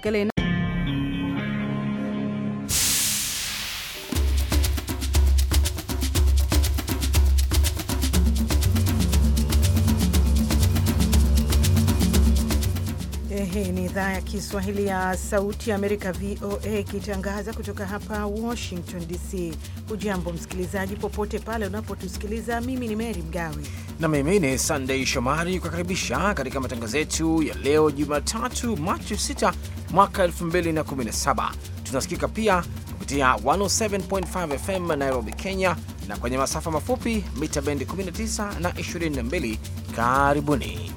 Galena. Hii ni idhaa ya Kiswahili ya Sauti ya Amerika, VOA, ikitangaza kutoka hapa Washington DC. Hujambo msikilizaji, popote pale unapotusikiliza. Mimi ni Meri Mgawe na mimi ni Sandei Shomari kukaribisha katika matangazo yetu ya leo Jumatatu, Machi 6 mwaka 2017. Tunasikika pia kupitia 107.5 FM Nairobi, Kenya, na kwenye masafa mafupi mita bendi 19 na 22. Karibuni.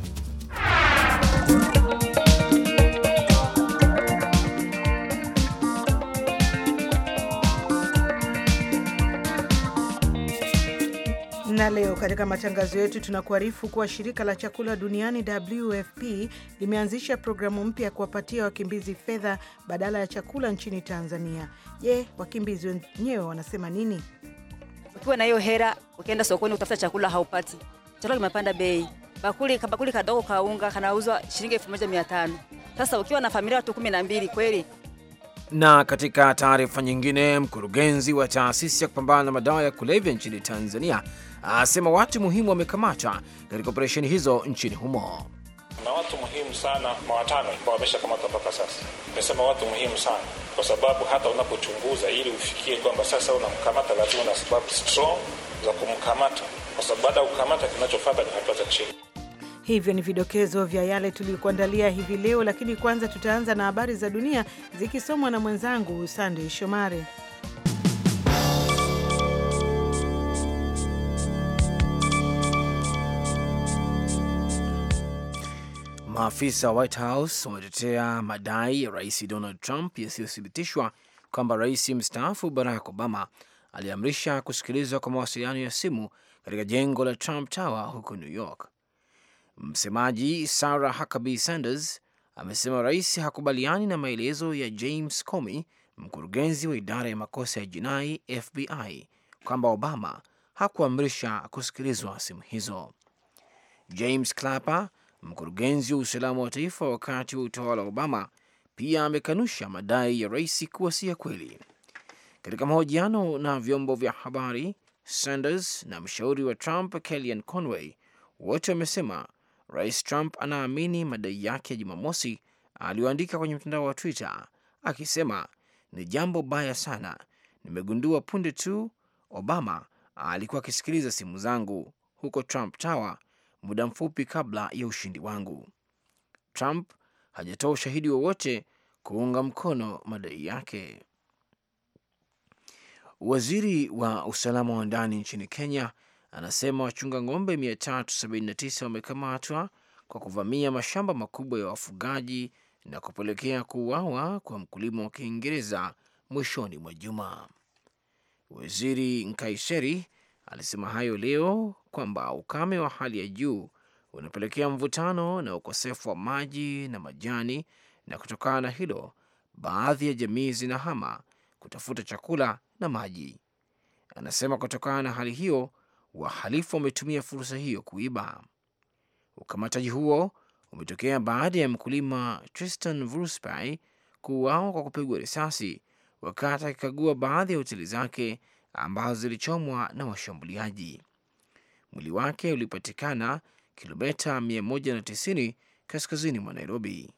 Na leo katika matangazo yetu tunakuarifu kuwa shirika la chakula duniani WFP limeanzisha programu mpya ya kuwapatia wakimbizi fedha badala ya chakula nchini Tanzania. Je, wakimbizi wenyewe wanasema nini? Ukiwa na hiyo hera, ukienda sokoni utafuta chakula haupati. Chakula kimepanda bei. Bakuli, bakuli kadogo kaunga kanauzwa shilingi tano. Sasa ukiwa na familia watu 12 kweli na katika taarifa nyingine, mkurugenzi wa taasisi ya kupambana na madawa ya kulevya nchini Tanzania asema watu muhimu wamekamatwa katika operesheni hizo nchini humo. Na watu muhimu sana mawatano ambao wameshakamata mpaka sasa. Nimesema watu muhimu sana kwa sababu hata unapochunguza ili ufikie kwamba sasa unamkamata, lazima una sababu strong za kumkamata, kwa sababu baada ya kukamata, kinachofata ni hatua za chini. Hivyo ni vidokezo vya yale tuliyokuandalia hivi leo, lakini kwanza tutaanza na habari za dunia zikisomwa na mwenzangu Sandey Shomari. Maafisa wa White House wametetea madai ya rais Donald Trump yasiyothibitishwa kwamba rais mstaafu Barack Obama aliamrisha kusikilizwa kwa mawasiliano ya simu katika jengo la Trump Tower huko New York. Msemaji Sarah Huckabee Sanders amesema rais hakubaliani na maelezo ya James Comey, mkurugenzi wa idara ya makosa ya jinai FBI, kwamba Obama hakuamrisha kusikilizwa simu hizo. James Clapper, mkurugenzi wa usalama wa taifa wakati wa utawala wa Obama, pia amekanusha madai ya rais kuwa si ya kweli. Katika mahojiano na vyombo vya habari, Sanders na mshauri wa Trump Kellyanne Conway wote wamesema Rais Trump anaamini madai yake ya Jumamosi aliyoandika kwenye mtandao wa Twitter akisema, ni jambo baya sana, nimegundua punde tu Obama alikuwa akisikiliza simu zangu huko Trump Tower muda mfupi kabla ya ushindi wangu. Trump hajatoa ushahidi wowote kuunga mkono madai yake. Waziri wa usalama wa ndani nchini Kenya anasema wachunga ng'ombe 379 wamekamatwa kwa kuvamia mashamba makubwa ya wafugaji na kupelekea kuuawa kwa mkulima wa Kiingereza mwishoni mwa juma. Waziri nkaiseri alisema hayo leo kwamba ukame wa hali ya juu unapelekea mvutano na ukosefu wa maji na majani, na kutokana na hilo baadhi ya jamii zinahama kutafuta chakula na maji. Anasema kutokana na hali hiyo wahalifu wametumia fursa hiyo kuiba. Ukamataji huo umetokea baada ya mkulima Tristan Vrusby kuuawa kwa kupigwa risasi wakati akikagua baadhi ya hoteli zake ambazo zilichomwa na washambuliaji. Mwili wake ulipatikana kilomita 190 kaskazini mwa Nairobi.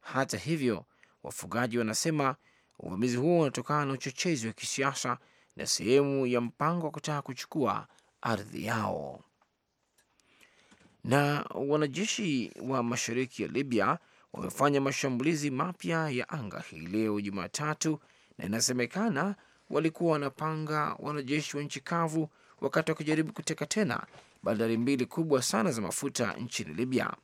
Hata hivyo, wafugaji wanasema uvamizi huo unatokana na uchochezi wa kisiasa na sehemu ya mpango wa kutaka kuchukua ardhi yao. Na wanajeshi wa mashariki ya Libya wamefanya mashambulizi mapya ya anga hii leo Jumatatu, na inasemekana walikuwa wanapanga wanajeshi wa nchi kavu wakati wakijaribu kuteka tena bandari mbili kubwa sana za mafuta nchini Libya.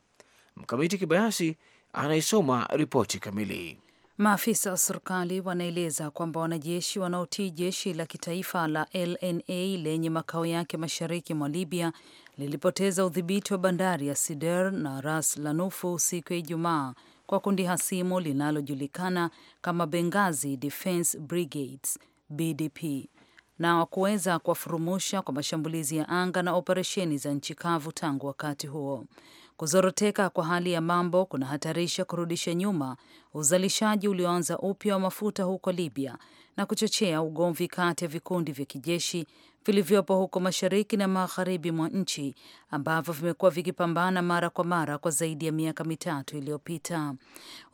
Mkamiti Kibayasi anaisoma ripoti kamili. Maafisa wa serikali wanaeleza kwamba wanajeshi wanaotii jeshi la kitaifa la LNA lenye makao yake mashariki mwa Libya lilipoteza udhibiti wa bandari ya Sider na Ras Lanufu siku ya Ijumaa kwa kundi hasimu linalojulikana kama Benghazi Defense Brigades BDP na wakuweza kuwafurumusha kwa mashambulizi ya anga na operesheni za nchi kavu tangu wakati huo. Kuzoroteka kwa hali ya mambo kunahatarisha kurudisha nyuma uzalishaji ulioanza upya wa mafuta huko Libya na kuchochea ugomvi kati ya vikundi vya kijeshi vilivyopo huko mashariki na magharibi mwa nchi ambavyo vimekuwa vikipambana mara kwa mara kwa zaidi ya miaka mitatu iliyopita.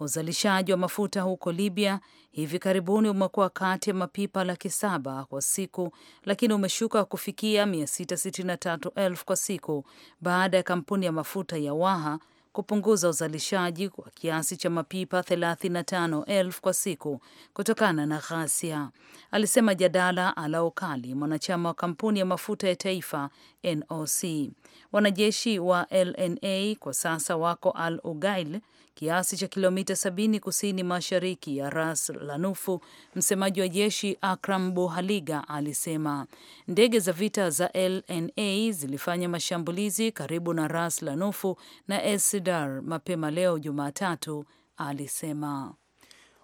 Uzalishaji wa mafuta huko Libya hivi karibuni umekuwa kati ya mapipa laki saba kwa siku, lakini umeshuka kufikia 663,000 kwa siku baada ya kampuni ya mafuta ya Waha kupunguza uzalishaji kwa kiasi cha mapipa 35,000 kwa siku kutokana na ghasia, alisema Jadala Alaokali, mwanachama wa kampuni ya mafuta ya taifa NOC. Wanajeshi wa LNA kwa sasa wako Al Ugail, kiasi cha kilomita 70 kusini mashariki ya Ras Lanufu. Msemaji wa jeshi Akram Buhaliga alisema ndege za vita za LNA zilifanya mashambulizi karibu na Ras Lanufu na Dar mapema leo Jumatatu alisema.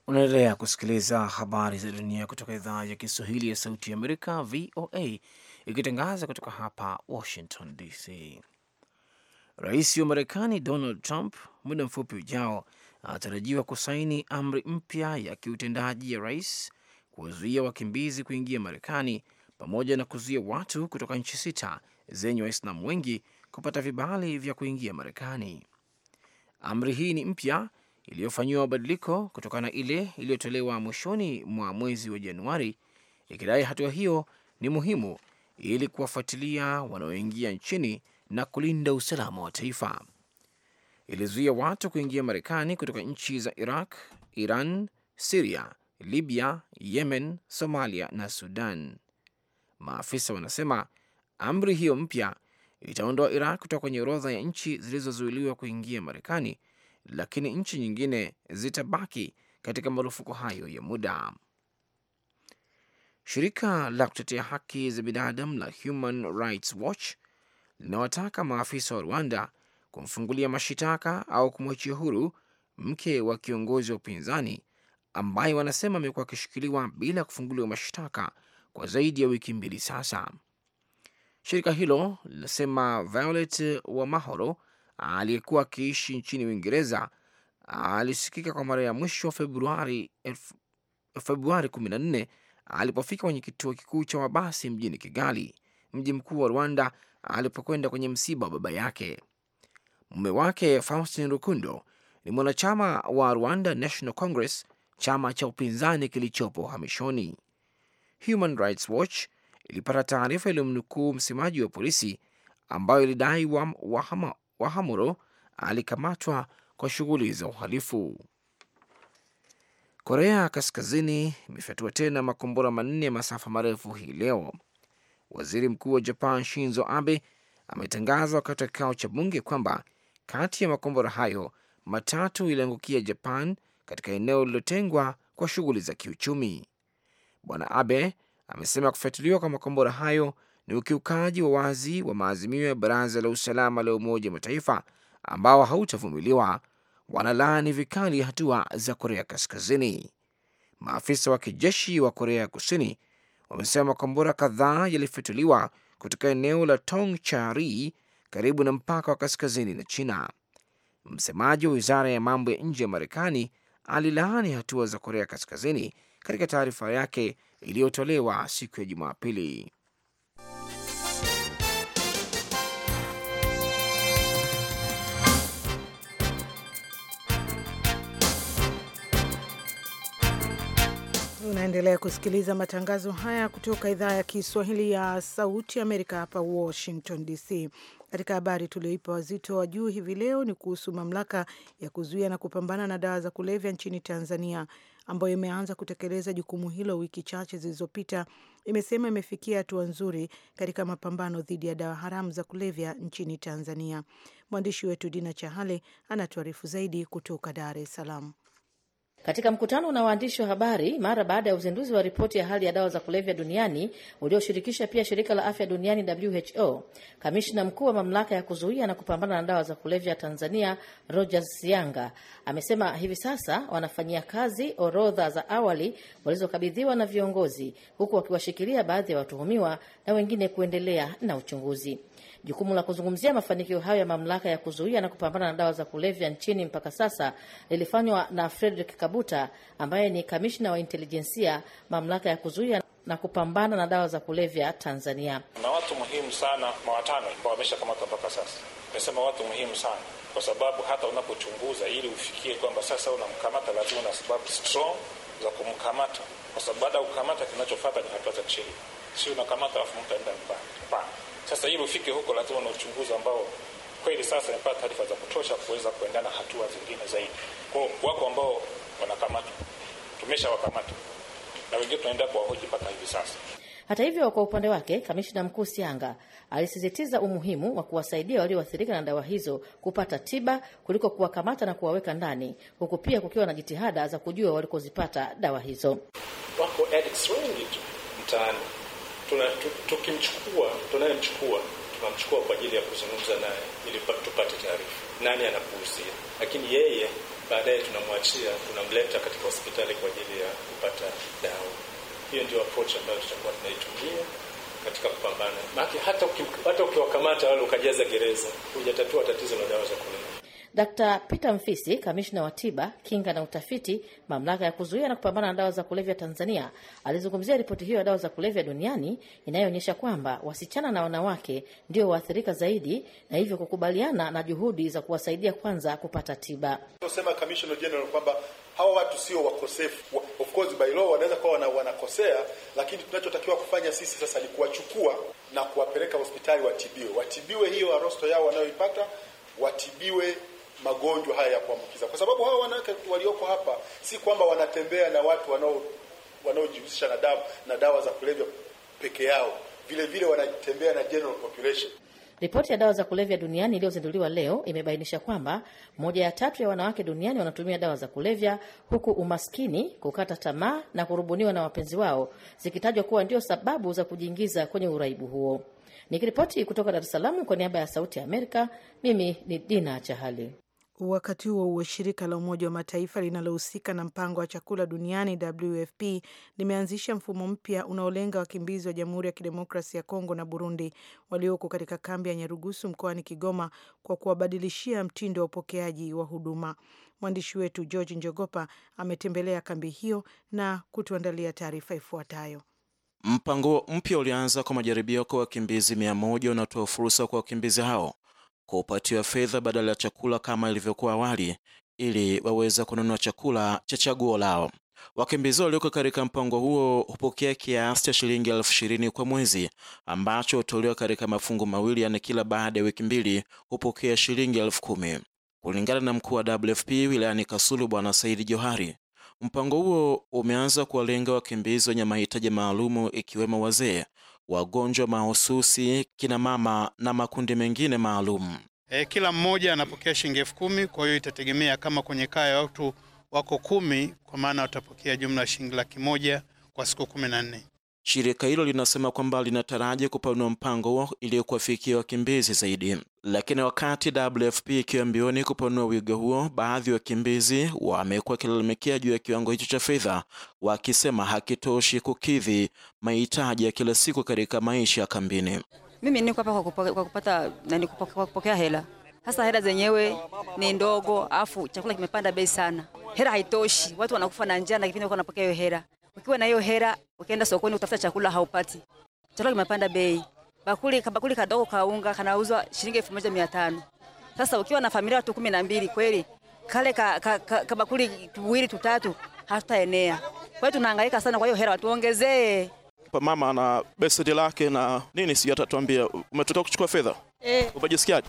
Unaendelea kusikiliza habari za dunia kutoka idhaa ya Kiswahili ya Sauti ya Amerika, VOA, ikitangaza kutoka hapa Washington DC. Rais wa Marekani Donald Trump muda mfupi ujao anatarajiwa kusaini amri mpya ya kiutendaji ya rais kuwazuia wakimbizi kuingia Marekani pamoja na kuzuia watu kutoka nchi sita zenye Waislamu wengi kupata vibali vya kuingia Marekani. Amri hii ni mpya iliyofanyiwa mabadiliko kutokana na ile iliyotolewa mwishoni mwa mwezi wa Januari, ikidai hatua hiyo ni muhimu ili kuwafuatilia wanaoingia nchini na kulinda usalama wa taifa. Ilizuia watu kuingia Marekani kutoka nchi za Iraq, Iran, Siria, Libya, Yemen, Somalia na Sudan. Maafisa wanasema amri hiyo mpya itaondoa Iraq kutoka kwenye orodha ya nchi zilizozuiliwa kuingia Marekani, lakini nchi nyingine zitabaki katika marufuku hayo ya muda. Shirika la kutetea haki za binadamu la Human Rights Watch linawataka maafisa wa Rwanda kumfungulia mashitaka au kumwachia huru mke wa kiongozi wa upinzani ambaye wanasema amekuwa akishikiliwa bila kufunguliwa mashtaka kwa zaidi ya wiki mbili sasa. Shirika hilo linasema Violet wa Mahoro aliyekuwa akiishi nchini Uingereza alisikika kwa mara ya mwisho Februari 14 alipofika kwenye kituo kikuu cha mabasi mjini Kigali, mji mkuu wa Rwanda, alipokwenda kwenye msiba wa baba yake. Mume wake Faustin Rukundo ni mwanachama wa Rwanda National Congress, chama cha upinzani kilichopo uhamishoni. Human Rights Watch ilipata taarifa iliyomnukuu msemaji wa polisi ambayo ilidai Wahamuro wahama alikamatwa kwa shughuli za uhalifu. Korea Kaskazini imefyatua tena makombora manne ya masafa marefu hii leo. Waziri mkuu wa Japan Shinzo Abe ametangaza wakati wa kikao cha bunge kwamba kati ya makombora hayo matatu iliangukia Japan katika eneo lililotengwa kwa shughuli za kiuchumi. Bwana Abe amesema kufuatiliwa kwa makombora hayo ni ukiukaji wa wazi wa maazimio ya Baraza la Usalama la Umoja wa Mataifa ambao hautavumiliwa. Wanalaani vikali hatua za Korea Kaskazini. Maafisa wa kijeshi wa Korea ya Kusini wamesema makombora kadhaa yalifyatuliwa kutoka eneo la Tongchari karibu na mpaka wa kaskazini na China. Msemaji wa wizara ya mambo ya nje ya Marekani alilaani hatua za Korea Kaskazini katika taarifa yake iliyotolewa siku ya Jumapili. Unaendelea kusikiliza matangazo haya kutoka idhaa ya Kiswahili ya Sauti Amerika hapa Washington DC. Katika habari tulioipa wazito wa juu hivi leo ni kuhusu mamlaka ya kuzuia na kupambana na dawa za kulevya nchini Tanzania ambayo imeanza kutekeleza jukumu hilo wiki chache zilizopita, imesema imefikia hatua nzuri katika mapambano dhidi ya dawa haramu za kulevya nchini Tanzania. Mwandishi wetu Dina Chahale anatuarifu zaidi kutoka Dar es Salaam. Katika mkutano na waandishi wa habari mara baada ya uzinduzi wa ripoti ya hali ya dawa za kulevya duniani ulioshirikisha pia shirika la afya duniani WHO, kamishna mkuu wa mamlaka ya kuzuia na kupambana na dawa za kulevya Tanzania, Rogers Sianga, amesema hivi sasa wanafanyia kazi orodha za awali walizokabidhiwa na viongozi, huku wakiwashikilia baadhi ya watuhumiwa na wengine kuendelea na uchunguzi. Jukumu la kuzungumzia mafanikio hayo ya mamlaka ya kuzuia na kupambana na dawa za kulevya nchini mpaka sasa lilifanywa na Frederick Kabuta ambaye ni kamishna wa intelijensia mamlaka ya kuzuia na kupambana na dawa za kulevya Tanzania. Na watu muhimu sana mawatano ambao wameshakamatwa mpaka sasa. amesema watu muhimu sana kwa sababu hata unapochunguza ili ufikie kwamba sasa unamkamata, lazima una sababu strong za kumkamata, kwa sababu baada ya kukamata, kinachofata ni hatua za kisheria, si unakamata alafu mtu aenda mbali. Hapana. Sasa ili ufike huko, lazima na uchunguzi ambao kweli sasa imepata taarifa za kutosha kuweza kuendana hatua zingine zaidi. Kwa wako ambao wanakamatwa, tumeshawakamata na wengine tunaenda kuwahoji mpaka hivi sasa. Hata hivyo, kwa upande wake kamishna mkuu Sianga alisisitiza umuhimu wa kuwasaidia walioathirika na dawa hizo kupata tiba kuliko kuwakamata na kuwaweka ndani, huku pia kukiwa na jitihada za kujua walikozipata dawa hizo. Wako addicts wengi tu mtaani tukimchukua tunayemchukua tunamchukua kwa ajili ya kuzungumza naye ili tupate taarifa nani anakuuzia lakini yeye baadaye tunamwachia, tunamleta katika hospitali kwa ajili ya kupata dawa. Hiyo ndio approach ambayo tutakuwa tunaitumia katika kupambana, maana hata ukiwakamata wale ukajaza gereza hujatatua tatizo la dawa za kulevya. Dr. Peter Mfisi, kamishna wa tiba, kinga na utafiti, mamlaka ya kuzuia na kupambana na dawa za kulevya Tanzania, alizungumzia ripoti hiyo ya dawa za kulevya duniani inayoonyesha kwamba wasichana na wanawake ndio waathirika zaidi, na hivyo kukubaliana na juhudi za kuwasaidia kwanza kupata tiba. Sema kamishna kwamba hawa watu sio wakosefu, of course by law wanaweza kuwa wanakosea, lakini tunachotakiwa kufanya sisi sasa ni kuwachukua na kuwapeleka hospitali watibiwe, watibiwe hiyo arosto yao wanayoipata watibiwe magonjwa haya ya kuambukiza, kwa sababu hawa wanawake walioko hapa si kwamba wanatembea na watu wanao wanaojihusisha na dawa na dawa za kulevya peke yao, vile vile wanatembea na general population. Ripoti ya dawa za kulevya duniani iliyozinduliwa leo imebainisha kwamba moja ya tatu ya wanawake duniani wanatumia dawa za kulevya, huku umaskini, kukata tamaa na kurubuniwa na wapenzi wao zikitajwa kuwa ndio sababu za kujiingiza kwenye uraibu huo. Nikiripoti kutoka Dar es Salaam kwa niaba ya Sauti ya Amerika, mimi ni Dina Chahali. Wakati huo huo, shirika la Umoja wa Mataifa linalohusika na mpango wa chakula duniani WFP limeanzisha mfumo mpya unaolenga wakimbizi wa Jamhuri ya Kidemokrasi ya Kongo na Burundi walioko katika kambi ya Nyarugusu mkoani Kigoma kwa kuwabadilishia mtindo wa upokeaji wa huduma. Mwandishi wetu George Njogopa ametembelea kambi hiyo na kutuandalia taarifa ifuatayo. Mpango mpya ulianza kwa majaribio kwa wakimbizi mia moja unatoa fursa kwa wakimbizi hao kupatiwa fedha badala ya chakula kama ilivyokuwa awali ili waweze kununua chakula cha chaguo lao. Wakimbizi walioko katika mpango huo hupokea kiasi cha shilingi elfu ishirini kwa mwezi ambacho hutolewa katika mafungu mawili, yaani kila baada ya wiki mbili hupokea shilingi elfu kumi kulingana na mkuu wa WFP wilayani Kasulu Bwana Saidi Johari. Mpango huo umeanza kuwalenga wakimbizi wenye mahitaji maalumu ikiwemo wazee wagonjwa mahususi, kina mama na makundi mengine maalum. E, kila mmoja anapokea shilingi elfu kumi. Kwa hiyo itategemea kama kwenye kaya ya watu wako kumi, kwa maana watapokea jumla ya shilingi laki moja kwa siku kumi na nne. Shirika hilo linasema kwamba linataraji kupanua mpango huo ili kuwafikia wakimbizi zaidi. Lakini wakati WFP ikiwa mbioni kupanua wigo huo, baadhi ya wakimbizi wamekuwa wakilalamikia juu ya kiwango hicho cha fedha, wakisema hakitoshi kukidhi mahitaji ya kila siku katika maisha ya kambini. Mimi niko hapa kwa kupata na kwa kupokea hela, hasa hela zenyewe ni ndogo, afu chakula kimepanda bei sana, hela haitoshi, watu wanakufa na njaa na kipindi wanapokea hiyo hela. Ukiwa na hiyo hera ukienda sokoni utafuta chakula haupati. Chakula kimepanda bei. Bakuli kabakuli kadogo kaunga kanauzwa shilingi tano. Sasa ukiwa na familia watu mbili kweli kale ka, ka, ka, kabakuli tuwili tutatu hatutaenea. Kwa hiyo tunahangaika sana, kwa hiyo hera watuongezee. Mama ana besedi lake na nini, si atatuambia. Umetoka kuchukua fedha eh? Umejisikiaje?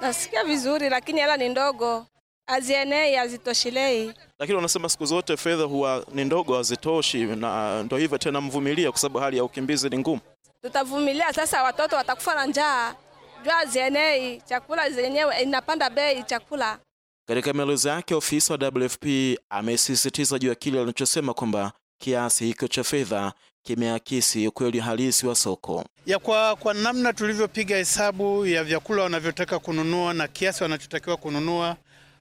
Nasikia vizuri, lakini hela ni ndogo, azienei, azitoshilei lakini wanasema siku zote fedha huwa ni ndogo, hazitoshi, na ndio hivyo tena, mvumilia kwa sababu hali ya ukimbizi ni ngumu. Tutavumilia sasa, watoto watakufa na njaa, jua zienei, chakula zenyewe inapanda bei, chakula. Katika maelezo yake, ofisa wa WFP amesisitiza juu ya kile alichosema kwamba kiasi hicho cha fedha kimeakisi ukweli halisi wa soko ya kwa, kwa namna tulivyopiga hesabu ya vyakula wanavyotaka kununua na kiasi wanachotakiwa kununua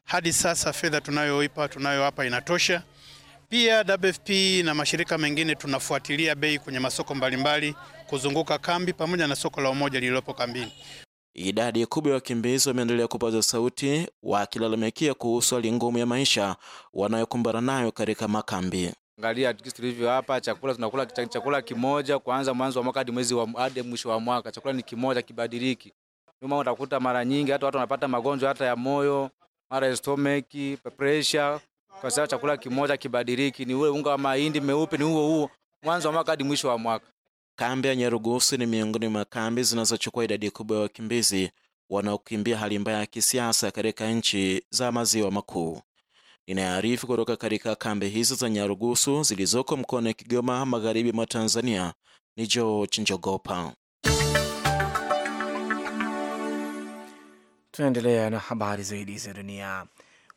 hadi sasa fedha tunayoipa hapa inatosha. Pia WFP na mashirika mengine tunafuatilia bei kwenye masoko mbalimbali kuzunguka kambi pamoja na soko la umoja lililopo kambini. Idadi kubwa ya wakimbizi wameendelea kupaza sauti wakilalamikia kuhusu hali ngumu ya maisha wanayokumbana nayo katika makambi. Angalia tulivyo hapa, chakula tunakula chakula kimoja kuanza mwanzo wa mwaka hadi mwezi hadi mwisho wa mwaka, chakula ni kimoja kibadiliki. Nyuma utakuta mara nyingi hata watu wanapata magonjwa hata ya moyo, mara stomach, pressure, kwa sababu chakula kimoja kibadiliki, ni ule unga wa mahindi meupe, ni huo huo mwanzo wa mwaka hadi mwisho wa mwaka. Kambi ya Nyarugusu ni miongoni mwa kambi zinazochukua idadi kubwa ya wakimbizi wanaokimbia hali mbaya ya kisiasa katika nchi za maziwa makuu. Inaarifu kutoka katika kambi hizo za Nyarugusu zilizoko mkoani Kigoma, magharibi mwa Tanzania, ni George Njogopa. Tunaendelea na habari zaidi za dunia.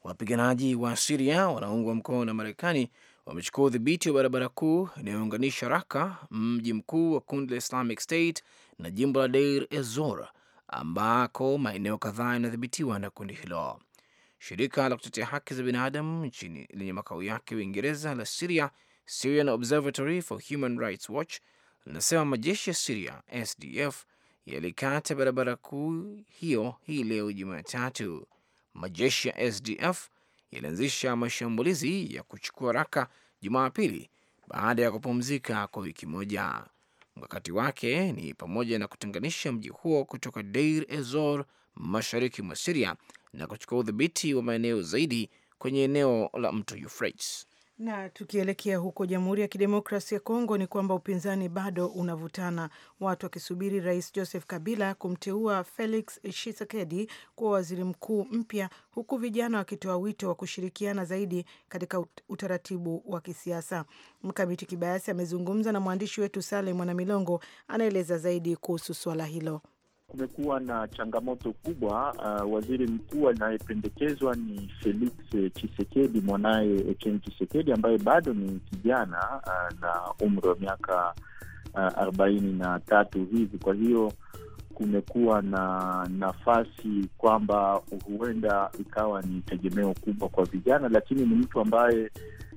Wapiganaji wa Siria wanaungwa mkono na Marekani wamechukua udhibiti wa barabara kuu inayounganisha Raka, mji mkuu wa kundi la Islamic State, na jimbo la Deir Ezor, ambako maeneo kadhaa yanadhibitiwa na kundi hilo. Shirika la kutetea haki za binadamu nchini lenye makao yake Uingereza la Siria, Syrian Observatory for Human Rights Watch, linasema majeshi ya Siria SDF yalikata barabara kuu hiyo hii leo Jumatatu. Majeshi ya SDF yalianzisha mashambulizi ya kuchukua Raka Jumapili baada ya kupumzika kwa wiki moja. Mkakati wake ni pamoja na kutenganisha mji huo kutoka Deir Ezor mashariki mwa Siria na kuchukua udhibiti wa maeneo zaidi kwenye eneo la mto Euphrates. Na tukielekea huko Jamhuri ya Kidemokrasi ya Kongo ni kwamba upinzani bado unavutana, watu wakisubiri Rais Joseph Kabila kumteua Felix Tshisekedi kuwa waziri mkuu mpya, huku vijana wakitoa wito wa kushirikiana zaidi katika utaratibu wa kisiasa. Mkamiti Kibayasi amezungumza na mwandishi wetu Sale Mwanamilongo, anaeleza zaidi kuhusu swala hilo kumekuwa na changamoto kubwa. Uh, waziri mkuu anayependekezwa ni Felix Chisekedi, eh, mwanaye Etienne Chisekedi ambaye bado ni kijana uh, na umri wa miaka uh, arobaini na tatu hivi. Kwa hiyo kumekuwa na nafasi kwamba huenda ikawa ni tegemeo kubwa kwa vijana, lakini ni mtu ambaye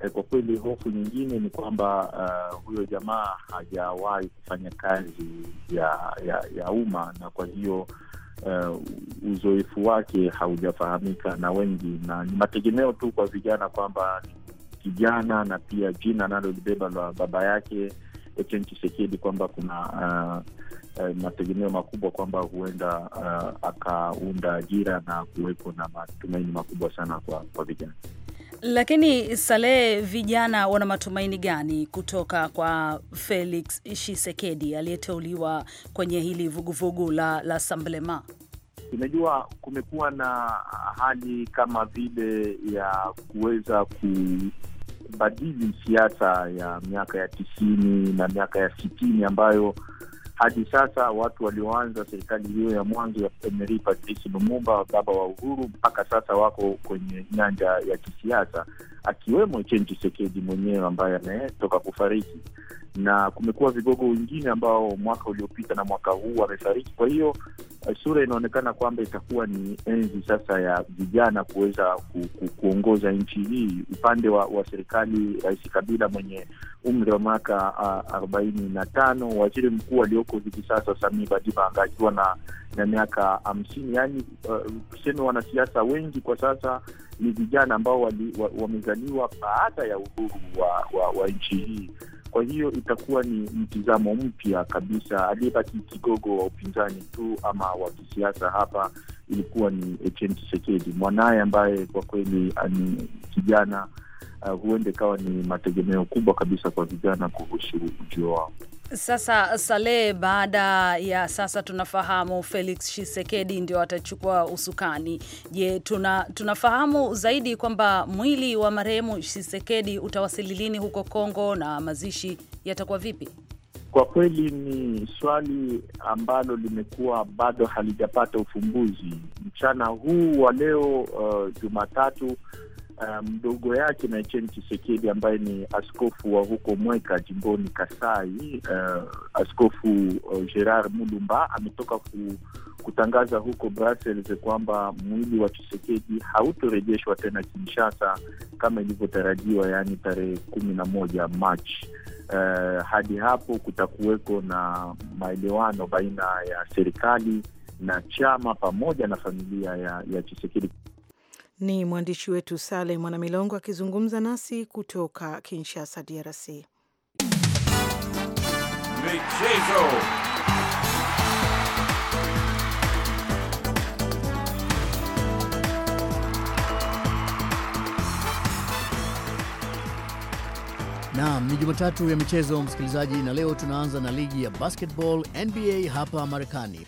Eh, kwa kweli hofu nyingine ni kwamba uh, huyo jamaa hajawahi kufanya kazi ya ya, ya umma na kwa hiyo uh, uzoefu wake haujafahamika na wengi, na ni mategemeo tu kwa vijana kwamba kijana na pia jina analolibeba la baba yake Etienne kwamba kuna uh, uh, mategemeo makubwa kwamba huenda uh, akaunda ajira na kuwepo na matumaini makubwa sana kwa, kwa vijana. Lakini Salehe, vijana wana matumaini gani kutoka kwa Felix Tshisekedi aliyeteuliwa kwenye hili vuguvugu la, la Unajua, kumekuwa na hali kama vile ya kuweza kubadili siasa ya miaka ya tisini na miaka ya sitini ambayo hadi sasa watu walioanza serikali hiyo ya mwanzo ya Emery Patrice Lumumba, baba wa uhuru, mpaka sasa wako kwenye nyanja ya kisiasa akiwemo Etienne Tshisekedi mwenyewe ambaye ametoka kufariki, na kumekuwa vigogo wengine ambao mwaka uliopita na mwaka huu wamefariki. Kwa hiyo eh, sura inaonekana kwamba itakuwa ni enzi sasa ya vijana kuweza ku, ku, kuongoza nchi hii. Upande wa, wa serikali, Rais Kabila mwenye umri wa miaka arobaini na tano, waziri mkuu alioko hivi sasa Sami Badibanga akiwa na na miaka hamsini. Yaani eh, tuseme uh, wanasiasa wengi kwa sasa ni vijana ambao wamezaliwa wa, wa baada ya uhuru wa, wa, wa nchi hii. Kwa hiyo itakuwa ni mtizamo mpya kabisa. Aliyebaki kigogo wa upinzani tu ama wa kisiasa hapa ilikuwa ni Etienne Tshisekedi, mwanaye ambaye kwa kweli ah, ni kijana uh, huenda ikawa ni mategemeo kubwa kabisa kwa vijana kuhusu ujio wao. Sasa Salehe, baada ya sasa tunafahamu Felix Tshisekedi ndio atachukua usukani. Je, tuna, tunafahamu zaidi kwamba mwili wa marehemu Tshisekedi utawasili lini huko Kongo na mazishi yatakuwa vipi? Kwa kweli ni swali ambalo limekuwa bado halijapata ufumbuzi. Mchana huu wa leo uh, Jumatatu, mdogo um, yake na chisekedi ambaye ni askofu wa huko Mweka jimboni Kasai. Uh, askofu uh, Gerard Mulumba ametoka ku, kutangaza huko Brussels kwamba mwili wa chisekedi hautorejeshwa tena Kinshasa kama ilivyotarajiwa, yaani tarehe kumi na moja Machi. Uh, hadi hapo kutakuweko na maelewano baina ya serikali na chama pamoja na familia ya, ya Chisekedi. Ni mwandishi wetu Sale Mwanamilongo akizungumza nasi kutoka Kinshasa, DRC. Michezo. Naam, ni Jumatatu ya michezo msikilizaji, na leo tunaanza na ligi ya basketball NBA hapa Marekani.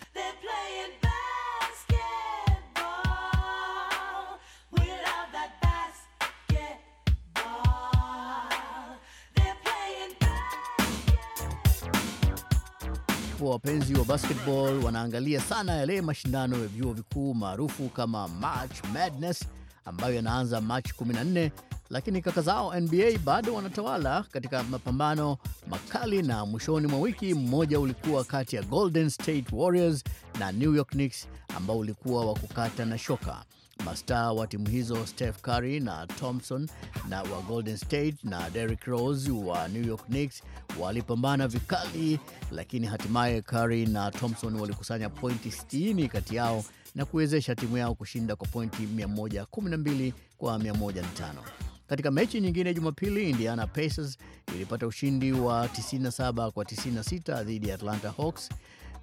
ambapo wapenzi wa basketball wanaangalia sana yale mashindano ya vyuo vikuu maarufu kama March Madness ambayo yanaanza Machi 14, lakini kaka zao NBA bado wanatawala katika mapambano makali, na mwishoni mwa wiki mmoja ulikuwa kati ya Golden State Warriors na New York Knicks ambao ulikuwa wa kukata na shoka. Mastaa wa timu hizo Steph Curry na Thompson na wa Golden State na Derrick Rose wa New York Knicks walipambana vikali, lakini hatimaye Curry na Thompson walikusanya pointi 60 kati yao na kuwezesha timu yao kushinda kwa pointi 112 kwa 105. Katika mechi nyingine Jumapili, Indiana Pacers ilipata ushindi wa 97 kwa 96 dhidi ya Atlanta Hawks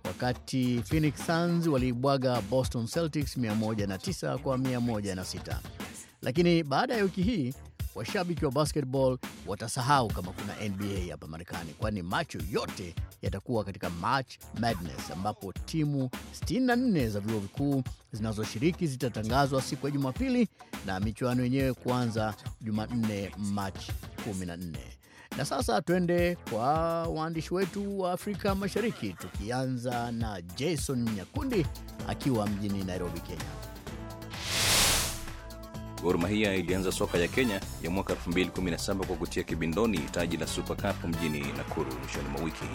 wakati Phoenix Suns waliibwaga Boston Celtics 109 kwa 106. Lakini baada ya wiki hii washabiki wa basketball watasahau kama kuna NBA hapa Marekani, kwani macho yote yatakuwa katika March Madness ambapo timu 64 za vyuo vikuu zinazoshiriki zitatangazwa siku ya Jumapili na michuano yenyewe kuanza Jumanne Machi 14. Na sasa twende kwa waandishi wetu wa Afrika Mashariki, tukianza na Jason Nyakundi akiwa mjini Nairobi, Kenya. Gor Mahia ilianza soka ya Kenya ya mwaka 2017 kwa kutia kibindoni taji la Super Cup mjini Nakuru mwishoni mwa wiki.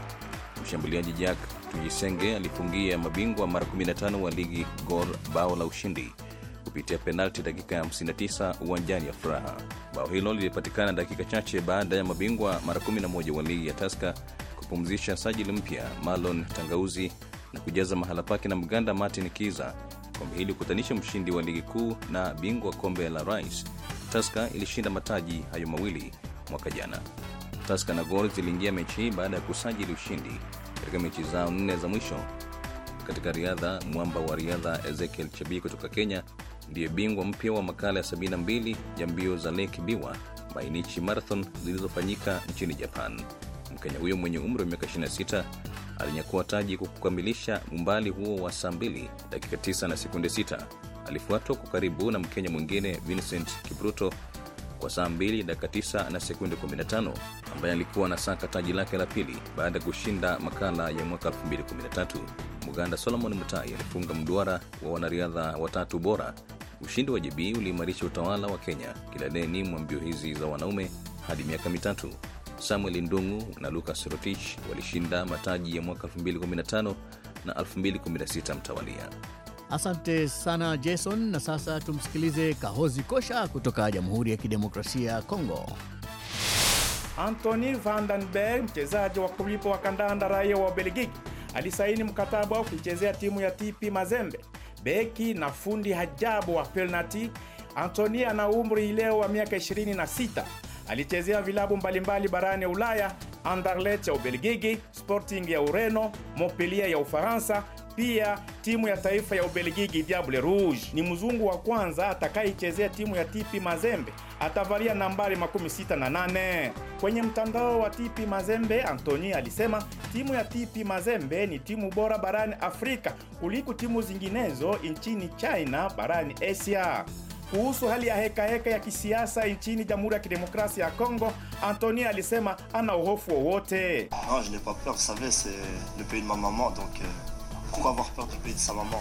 Mshambuliaji Jack Tujisenge alifungia mabingwa mara 15 wa ligi Gor bao la ushindi kupitia penalti dakika ya 59 uwanjani ya Furaha. Bao hilo lilipatikana dakika chache baada ya mabingwa mara 11 wa ligi ya Taska kupumzisha sajili mpya Marlon Tangauzi na kujaza mahala pake na Mganda Martin Kiza. Kombe hili kukutanisha mshindi wa ligi kuu na bingwa kombe la Rais. Taska ilishinda mataji hayo mawili mwaka jana. Taska na gol ziliingia mechi hii baada ya kusajili ushindi katika mechi zao nne za mwisho. Katika riadha, mwamba wa riadha Ezekiel chabi kutoka Kenya ndiye bingwa mpya wa makala ya 72 ya mbio za Lake Biwa Mainichi Marathon zilizofanyika nchini Japan. Mkenya huyo mwenye umri wa miaka 26 alinyakua taji kwa kukamilisha umbali huo wa saa 2 dakika 9 na sekunde 6. Alifuatwa kwa karibu na Mkenya mwingine Vincent Kipruto kwa saa 2 dakika 9 na sekunde 15 ambaye alikuwa anasaka taji lake la pili baada ya kushinda makala ya mwaka 2013. Muganda Solomon Mutai alifunga mduara wa wanariadha watatu bora Ushindi wa JB uliimarisha utawala wa Kenya kileleni mwa mbio hizi za wanaume hadi miaka mitatu. Samuel Ndungu na lukas Rotich walishinda mataji ya mwaka 215 na 216 mtawalia. Asante sana Jason, na sasa tumsikilize Kahozi Kosha kutoka Jamhuri ya Kidemokrasia ya Kongo. antony Vandenberg, mchezaji wa kulipo wa kandanda raia wa ubelgiki alisaini mkataba wa kuichezea timu ya TP Mazembe beki na fundi hajabu wa penalti. antoni ana umri leo wa miaka 26. Alichezea vilabu mbalimbali barani Ulaya: Anderlecht ya Ubelgiji, Sporting ya Ureno, Montpellier ya Ufaransa pia timu ya taifa ya Ubelgiji Diable Rouge ni mzungu wa kwanza atakayechezea timu ya TP Mazembe, atavalia nambari makumi sita na nane. Kwenye mtandao wa TP Mazembe, Antoni alisema timu ya TP Mazembe ni timu bora barani Afrika kuliko timu zinginezo nchini China, barani Asia. Kuhusu hali ya hekaheka heka ya kisiasa nchini Jamhuri ya Kidemokrasia ya Kongo, Antoni alisema ana uhofu wowote. Non, ah, je n'ai pas peur, vous savez, c'est le pays de ma maman donc euh, kwa avoir peur du pays de sa maman?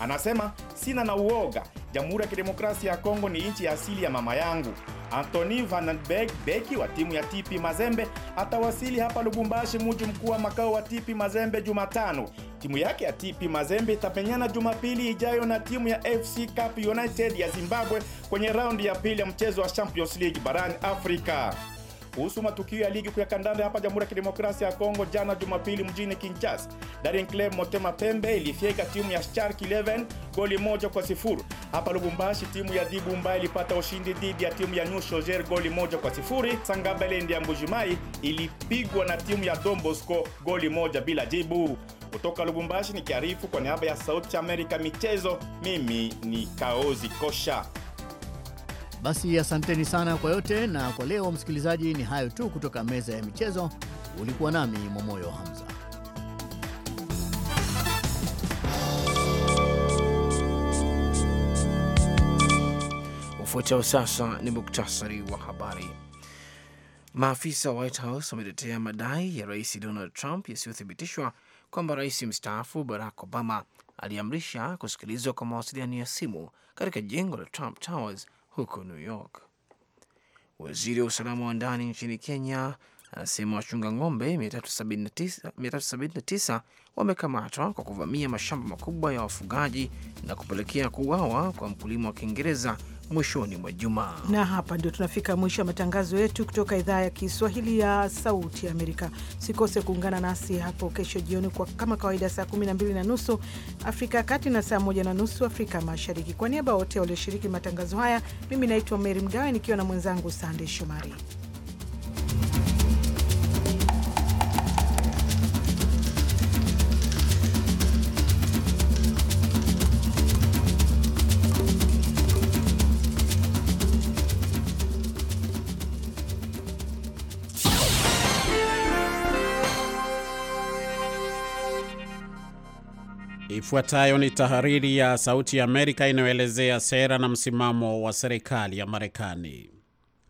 Anasema sina na uoga, Jamhuri ya Kidemokrasia ya Kongo ni nchi ya asili ya mama yangu. Anthony Van beki wa timu ya TP Mazembe atawasili hapa Lubumbashi, mji mkuu wa makao wa TP Mazembe Jumatano. Timu yake ya TP Mazembe itapenyana Jumapili ijayo na timu ya FC Cup United ya Zimbabwe kwenye raundi ya pili ya mchezo wa Champions League barani Afrika kuhusu matukio ya ligi kuu ya kandanda hapa Jamhuri ya Kidemokrasia ya Kongo. Jana Jumapili mjini Kinshasa, Daring Club Motema Pembe ilifyeka timu ya Shark 11 goli moja kwa sifuri. Hapa Lubumbashi timu ya Dibumba ilipata ushindi dhidi ya timu ya New Shoger goli moja kwa sifuri. Sangabelende ya Mbujimai ilipigwa na timu ya Dombosco goli moja bila jibu. Kutoka Lubumbashi ni kiarifu kwa niaba ya Sauti ya Amerika michezo, mimi ni Kaozi Kosha. Basi asanteni sana kwa yote, na kwa leo msikilizaji, ni hayo tu kutoka meza ya michezo. Ulikuwa nami Momoyo Hamza. Ufuatao sasa ni muktasari wa habari. Maafisa wa White House wametetea madai ya rais Donald Trump yasiyothibitishwa kwamba rais mstaafu Barack Obama aliamrisha kusikilizwa kwa mawasiliano ya simu katika jengo la Trump Towers huko New York. Waziri wa usalama wa ndani nchini Kenya anasema wachunga ng'ombe 379 wamekamatwa kwa kuvamia mashamba makubwa ya wafugaji na kupelekea kuuawa kwa mkulima wa Kiingereza mwishoni mwa juma. Na hapa ndio tunafika mwisho wa matangazo yetu kutoka idhaa ya Kiswahili ya Sauti ya Amerika. Sikose kuungana nasi hapo kesho jioni kwa kama kawaida, saa 12 na nusu Afrika ya Kati na saa 1 na nusu Afrika Mashariki. Kwa niaba wote walioshiriki matangazo haya, mimi naitwa Meri Mgawe nikiwa na mwenzangu Sandey Shomari. Ifuatayo ni tahariri ya Sauti ya Amerika inayoelezea sera na msimamo wa serikali ya Marekani.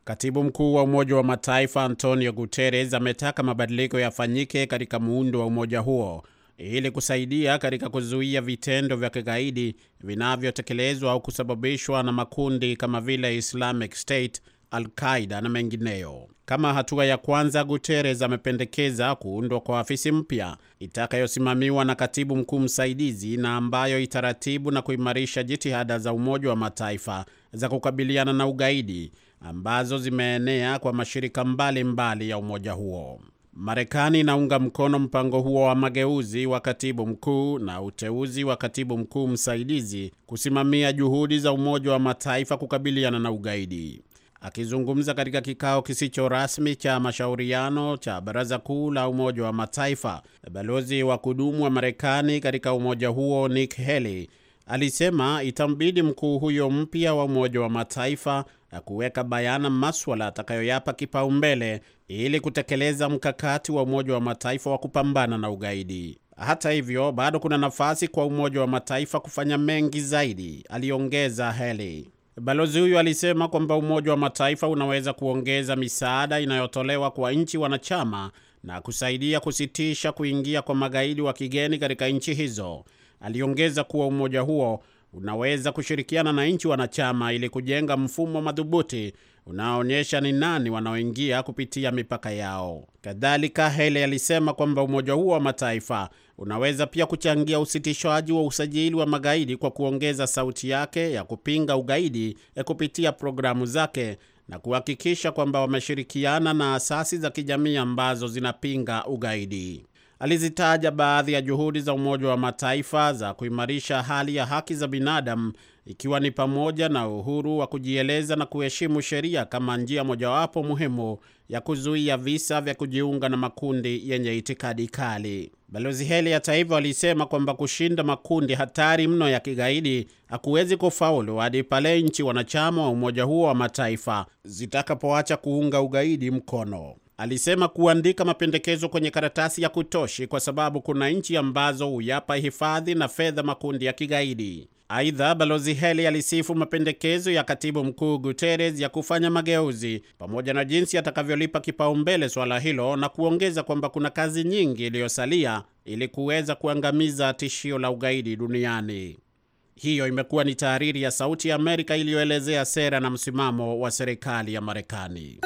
Katibu mkuu wa Umoja wa Mataifa Antonio Guterres ametaka mabadiliko yafanyike katika muundo wa umoja huo ili kusaidia katika kuzuia vitendo vya kigaidi vinavyotekelezwa au kusababishwa na makundi kama vile Islamic State, Al Qaida na mengineyo. Kama hatua ya kwanza, Guterres amependekeza kuundwa kwa afisi mpya itakayosimamiwa na katibu mkuu msaidizi na ambayo itaratibu na kuimarisha jitihada za Umoja wa Mataifa za kukabiliana na ugaidi ambazo zimeenea kwa mashirika mbalimbali mbali ya umoja huo. Marekani inaunga mkono mpango huo wa mageuzi wa katibu mkuu na uteuzi wa katibu mkuu msaidizi kusimamia juhudi za Umoja wa Mataifa kukabiliana na ugaidi. Akizungumza katika kikao kisicho rasmi cha mashauriano cha baraza kuu la Umoja wa Mataifa, balozi wa kudumu wa Marekani katika umoja huo Nick Haley alisema itambidi mkuu huyo mpya wa Umoja wa Mataifa na kuweka bayana maswala atakayoyapa kipaumbele ili kutekeleza mkakati wa Umoja wa Mataifa wa kupambana na ugaidi. Hata hivyo, bado kuna nafasi kwa Umoja wa Mataifa kufanya mengi zaidi, aliongeza Haley. Balozi huyu alisema kwamba Umoja wa Mataifa unaweza kuongeza misaada inayotolewa kwa nchi wanachama na kusaidia kusitisha kuingia kwa magaidi wa kigeni katika nchi hizo. Aliongeza kuwa umoja huo unaweza kushirikiana na nchi wanachama ili kujenga mfumo madhubuti unaoonyesha ni nani wanaoingia kupitia mipaka yao. Kadhalika, Hele alisema kwamba umoja huo wa Mataifa unaweza pia kuchangia usitishaji wa usajili wa magaidi kwa kuongeza sauti yake ya kupinga ugaidi ya eh, kupitia programu zake na kuhakikisha kwamba wameshirikiana na asasi za kijamii ambazo zinapinga ugaidi. Alizitaja baadhi ya juhudi za Umoja wa Mataifa za kuimarisha hali ya haki za binadamu ikiwa ni pamoja na uhuru wa kujieleza na kuheshimu sheria kama njia mojawapo muhimu ya kuzuia visa vya kujiunga na makundi yenye itikadi kali. Balozi Heli hata hivyo alisema kwamba kushinda makundi hatari mno ya kigaidi hakuwezi kufaulu hadi pale nchi wanachama wa umoja huo wa mataifa zitakapoacha kuunga ugaidi mkono. Alisema kuandika mapendekezo kwenye karatasi ya kutoshi kwa sababu kuna nchi ambazo huyapa hifadhi na fedha makundi ya kigaidi. Aidha, Balozi Heli alisifu mapendekezo ya katibu mkuu Guterres ya kufanya mageuzi pamoja na jinsi atakavyolipa kipaumbele suala hilo na kuongeza kwamba kuna kazi nyingi iliyosalia ili kuweza kuangamiza tishio la ugaidi duniani. Hiyo imekuwa ni tahariri ya Sauti ya Amerika iliyoelezea sera na msimamo wa serikali ya Marekani.